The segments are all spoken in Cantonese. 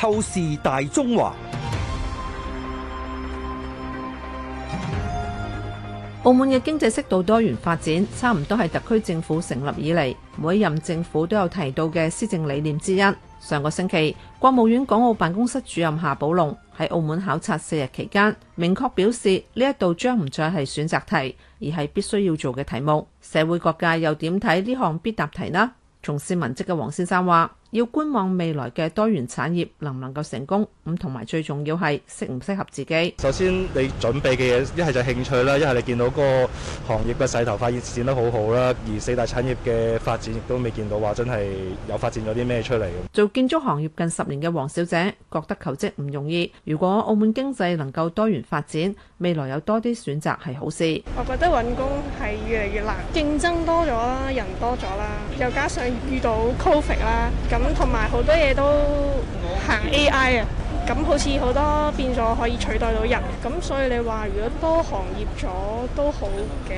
透視大中華，澳門嘅經濟適度多元發展，差唔多係特區政府成立以嚟每一任政府都有提到嘅施政理念之一。上個星期，國務院港澳辦公室主任夏寶龍喺澳門考察四日期間，明確表示呢一度將唔再係選擇題，而係必須要做嘅題目。社會各界又點睇呢項必答題呢？從事文職嘅黃先生話：要觀望未來嘅多元產業能唔能夠成功，咁同埋最重要係適唔適合自己。首先你準備嘅嘢，一係就是興趣啦，一係你見到個行業嘅勢頭發展展得好好啦，而四大產業嘅發展亦都未見到話真係有發展咗啲咩出嚟。做建築行業近十年嘅黃小姐覺得求職唔容易。如果澳門經濟能夠多元發展，未來有多啲選擇係好事。我覺得揾工係越嚟越難，競爭多咗啦，人多咗啦，又加上遇到 Covid 啦。咁同埋好多嘢都行 AI 啊，咁好似好多變咗可以取代到人，咁所以你話如果多行業咗都好嘅。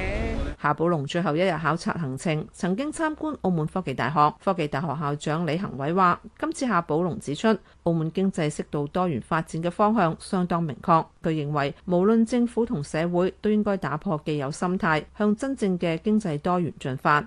夏寶龍最後一日考察行程，曾經參觀澳門科技大學，科技大學校長李行偉話今次夏寶龍指出，澳門經濟適度多元發展嘅方向相當明確。佢認為無論政府同社會都應該打破既有心態，向真正嘅經濟多元進發。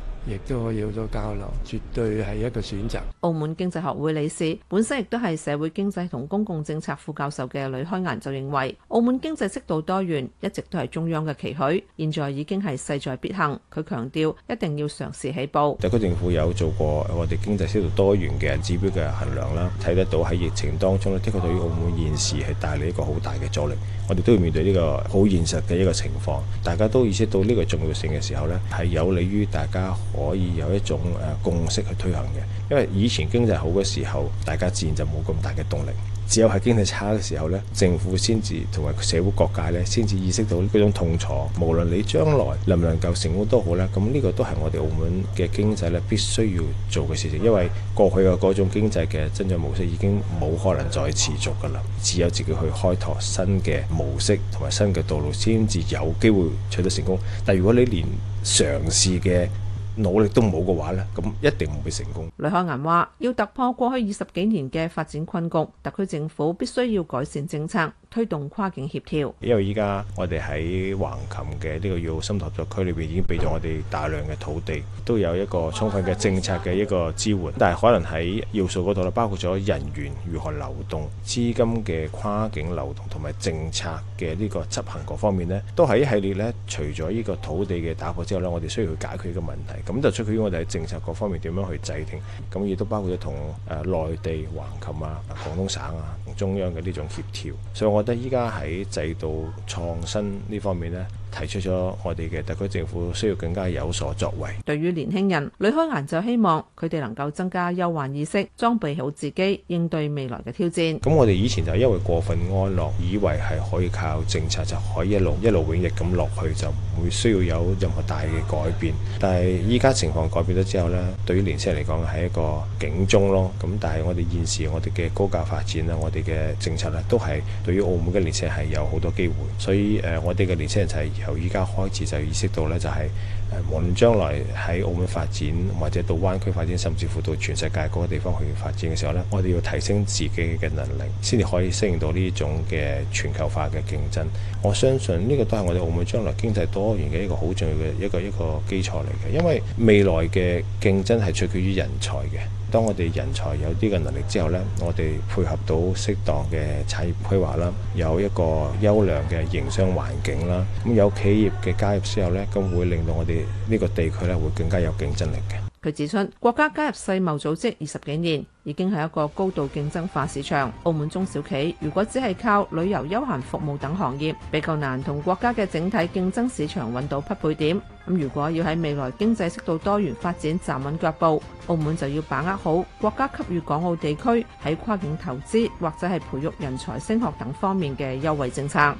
亦都可以有咗交流，絕對係一個選擇。澳門經濟學會理事、本身亦都係社會經濟同公共政策副教授嘅呂開顏就認為澳門經濟適度多元一直都係中央嘅期許，現在已經係勢在必行。佢強調一定要嘗試起步。特區政府有做過我哋經濟適度多元嘅指標嘅衡量啦，睇得到喺疫情當中咧，的確對於澳門現時係帶嚟一個好大嘅阻力。我哋都要面對呢個好現實嘅一個情況，大家都意識到呢個重要性嘅時候咧，係有利於大家。可以有一種誒共識去推行嘅，因為以前經濟好嘅時候，大家自然就冇咁大嘅動力。只有喺經濟差嘅時候咧，政府先至同埋社會各界咧先至意識到呢種痛楚。無論你將來能唔能夠成功都好啦，咁呢個都係我哋澳門嘅經濟咧必須要做嘅事情，因為過去嘅嗰種經濟嘅增長模式已經冇可能再持續㗎啦。只有自己去開拓新嘅模式同埋新嘅道路，先至有機會取得成功。但如果你連嘗試嘅努力都冇嘅話，咧，咁一定唔會成功。雷漢銀話：要突破過去二十幾年嘅發展困局，特區政府必須要改善政策。推動跨境協調，因為依家我哋喺橫琴嘅呢個粵澳深合作區裏邊已經俾咗我哋大量嘅土地，都有一個充分嘅政策嘅一個支援。但係可能喺要素嗰度咧，包括咗人員如何流動、資金嘅跨境流動同埋政策嘅呢個執行各方面呢，都係一系列呢，除咗呢個土地嘅打破之後呢，我哋需要去解決一個問題，咁就取決於我哋喺政策各方面點樣去制定，咁亦都包括咗同誒內地橫琴啊、廣東省啊、中央嘅呢種協調。所以我覺得依家喺制度創新呢方面咧。提出咗我哋嘅特區政府需要更加有所作為。對於年輕人，呂開顏就希望佢哋能夠增加憂患意識，裝備好自己，應對未來嘅挑戰。咁我哋以前就因為過分安樂，以為係可以靠政策就可以一路一路永逸，咁落去，就唔會需要有任何大嘅改變。但係依家情況改變咗之後咧，對於年輕人嚟講，係一個警鐘咯。咁但係我哋現時我哋嘅高教發展啊，我哋嘅政策咧，都係對於澳門嘅年輕人係有好多機會。所以誒，我哋嘅年輕人就係、是。由依家開始就意識到呢，就係誒，無論將來喺澳門發展，或者到灣區發展，甚至乎到全世界各個地方去發展嘅時候呢，我哋要提升自己嘅能力，先至可以適應到呢種嘅全球化嘅競爭。我相信呢個都係我哋澳門將來經濟多元嘅一個好重要嘅一個一個基礎嚟嘅，因為未來嘅競爭係取決於人才嘅。當我哋人才有啲嘅能力之後呢，我哋配合到適當嘅產業規劃啦，有一個優良嘅營商環境啦，咁有企業嘅加入之後呢，咁會令到我哋呢個地區呢會更加有競爭力嘅。佢指出，國家加入世貿組織二十幾年，已經係一個高度競爭化市場，澳門中小企如果只係靠旅遊休閒服務等行業比較難同國家嘅整體競爭市場揾到匹配點，咁如果要喺未來經濟適度多元發展，站穩腳步，澳門就要把握好國家給予港澳地區喺跨境投資或者係培育人才、升學等方面嘅優惠政策。